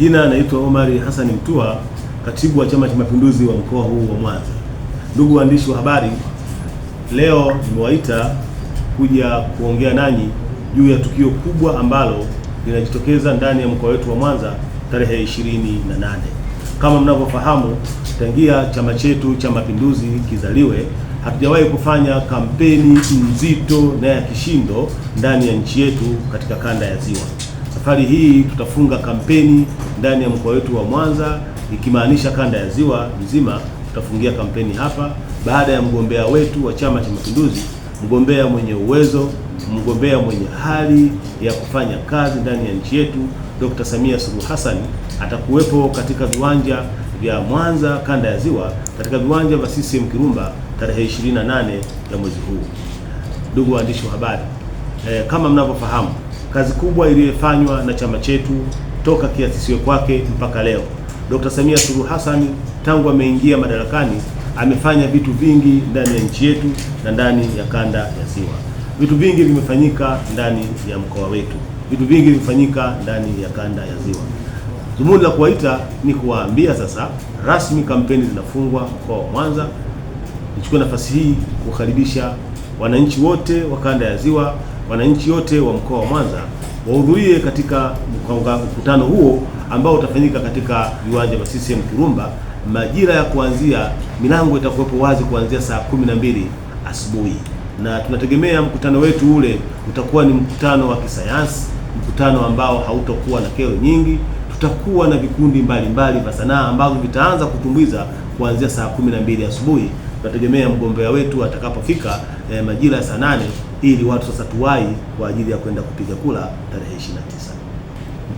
Jina naitwa Omari Hassan Mtua, katibu wa Chama cha Mapinduzi wa mkoa huu wa Mwanza. Ndugu waandishi wa habari, leo nimewaita kuja kuongea nanyi juu ya tukio kubwa ambalo linajitokeza ndani ya mkoa wetu wa Mwanza tarehe 28. Kama mnavyofahamu, tangia chama chetu cha Mapinduzi kizaliwe hatujawahi kufanya kampeni nzito na ya kishindo ndani ya nchi yetu katika kanda ya Ziwa. Safari hii tutafunga kampeni ndani ya mkoa wetu wa Mwanza, ikimaanisha kanda ya ziwa nzima tutafungia kampeni hapa baada ya mgombea wetu wa Chama cha Mapinduzi, mgombea mwenye uwezo, mgombea mwenye hali ya kufanya kazi ndani ya nchi yetu, Dr. Samia Suluhu Hassan atakuwepo katika viwanja vya Mwanza kanda ya ziwa katika viwanja vya CCM Kirumba tarehe 28 ya mwezi huu. Ndugu waandishi wa habari, e, kama mnavyofahamu kazi kubwa iliyofanywa na chama chetu toka kiasisiwe kwake mpaka leo. Dr. Samia Suluhu Hassan tangu ameingia madarakani amefanya vitu vingi ndani ya nchi yetu na ndani ya kanda ya Ziwa. Vitu vingi vimefanyika ndani ya mkoa wetu, vitu vingi vimefanyika ndani ya kanda ya Ziwa. Dhumuni la kuwaita ni kuwaambia sasa rasmi kampeni zinafungwa mkoa wa Mwanza. Nichukue nafasi hii kuwakaribisha wananchi wote wa kanda ya Ziwa wananchi wote wa mkoa wa Mwanza wahudhurie katika mkutano huo ambao utafanyika katika viwanja vya CCM Kirumba majira ya kuanzia, milango itakuwepo wazi kuanzia saa kumi na mbili asubuhi, na tunategemea mkutano wetu ule utakuwa ni mkutano wa kisayansi, mkutano ambao hautakuwa na kero nyingi. Tutakuwa na vikundi mbalimbali vya sanaa ambavyo vitaanza kutumbuiza kuanzia saa kumi na mbili asubuhi. Tunategemea mgombea wetu atakapofika eh, majira ya saa nane ili watu sasa tuwai kwa ajili ya kwenda kupiga kura tarehe 29.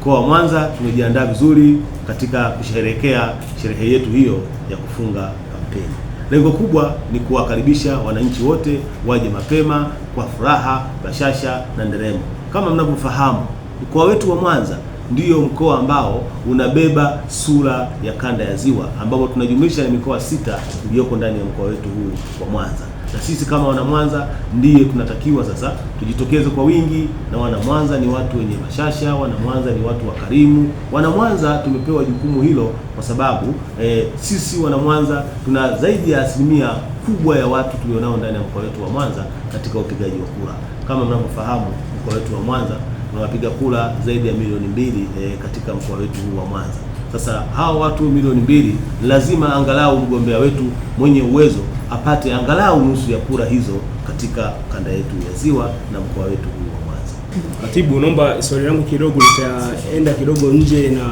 Mkoa wa Mwanza tumejiandaa vizuri katika kusherehekea sherehe yetu hiyo ya kufunga kampeni. Lengo kubwa ni kuwakaribisha wananchi wote waje mapema kwa furaha, bashasha na nderemo. Kama mnavyofahamu, mkoa wetu wa Mwanza ndiyo mkoa ambao unabeba sura ya kanda ya Ziwa ambapo tunajumlisha na mikoa sita iliyoko ndani ya mkoa wetu huu wa Mwanza na sisi kama wanamwanza ndiye tunatakiwa sasa tujitokeze kwa wingi, na wanamwanza ni watu wenye bashasha, wanamwanza ni watu wakarimu. Wanamwanza tumepewa jukumu hilo kwa sababu e, sisi wanamwanza tuna zaidi ya asilimia kubwa ya watu tulionao ndani ya mkoa wetu wa Mwanza katika upigaji wa kura. Kama mnavyofahamu, mkoa wetu wa Mwanza tunawapiga kura zaidi ya milioni mbili e, katika mkoa wetu huu wa Mwanza. Sasa hawa watu milioni mbili lazima angalau mgombea wetu mwenye uwezo apate angalau nusu ya kura hizo katika kanda yetu ya Ziwa na mkoa wetu huu wa Mwanza. Katibu, naomba swali langu kidogo litaenda kidogo nje na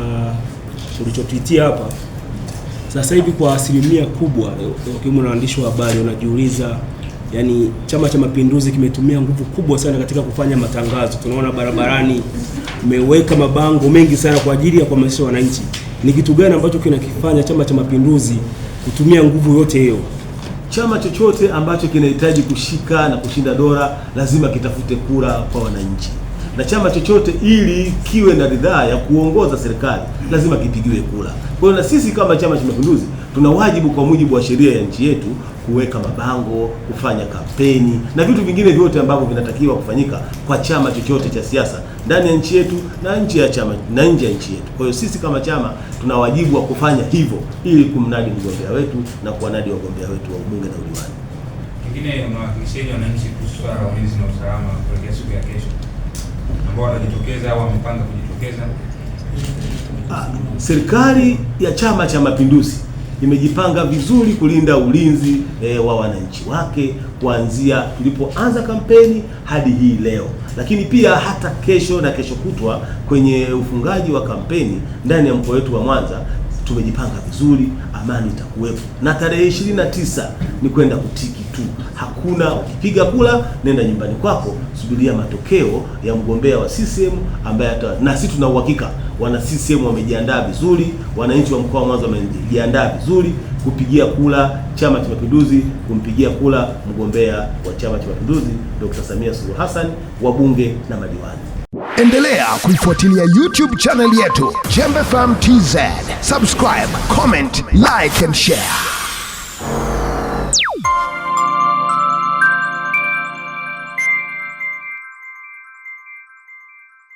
ulichotuitia hapa. Sasa hivi kwa asilimia kubwa, wakiwemo na waandishi wa habari, wanajiuliza yani, Chama cha Mapinduzi kimetumia nguvu kubwa sana katika kufanya matangazo. Tunaona barabarani umeweka mabango mengi sana kwa ajili ya kuhamasisha wananchi. Ni kitu gani ambacho kinakifanya Chama cha Mapinduzi kutumia nguvu yote hiyo? chama chochote ambacho kinahitaji kushika na kushinda dola lazima kitafute kura kwa wananchi, na chama chochote ili kiwe na ridhaa ya kuongoza serikali lazima kipigiwe kura. Kwa hiyo na sisi kama Chama cha Mapinduzi tuna wajibu kwa mujibu wa sheria ya nchi yetu kuweka mabango, kufanya kampeni na vitu vingine vyote ambavyo vinatakiwa kufanyika kwa chama chochote cha siasa ndani ya nchi yetu na nje ya chama na nje ya nchi yetu. Kwa hiyo sisi kama chama tuna wajibu wa kufanya hivyo ili kumnadi mgombea wetu na kuwanadi wagombea wetu wa ubunge na udiwani. Pengine mwakilisheni wananchi kuhusu swala la ulinzi na usalama kuelekea siku ya kesho, ambao wanajitokeza au wamepanga kujitokeza. Ah, serikali ya Chama cha Mapinduzi imejipanga vizuri kulinda ulinzi e, wa wananchi wake kuanzia tulipoanza kampeni hadi hii leo, lakini pia hata kesho na kesho kutwa kwenye ufungaji wa kampeni ndani ya mkoa wetu wa Mwanza tumejipanga vizuri, amani itakuwepo, na tarehe 29 ni kwenda kutiki tu. Hakuna ukipiga kula, nenda nyumbani kwako, subiria matokeo ya mgombea wa CCM ambaye na sisi tuna uhakika wana CCM wamejiandaa vizuri, wananchi wa mkoa wa Mwanza wamejiandaa vizuri kupigia kula Chama cha Mapinduzi, kumpigia kula mgombea wa Chama cha Mapinduzi Dr. Samia Suluhu Hassan, wabunge na madiwani. Endelea kuifuatilia YouTube channel yetu Jembe FM TZ. Subscribe, comment, like and share.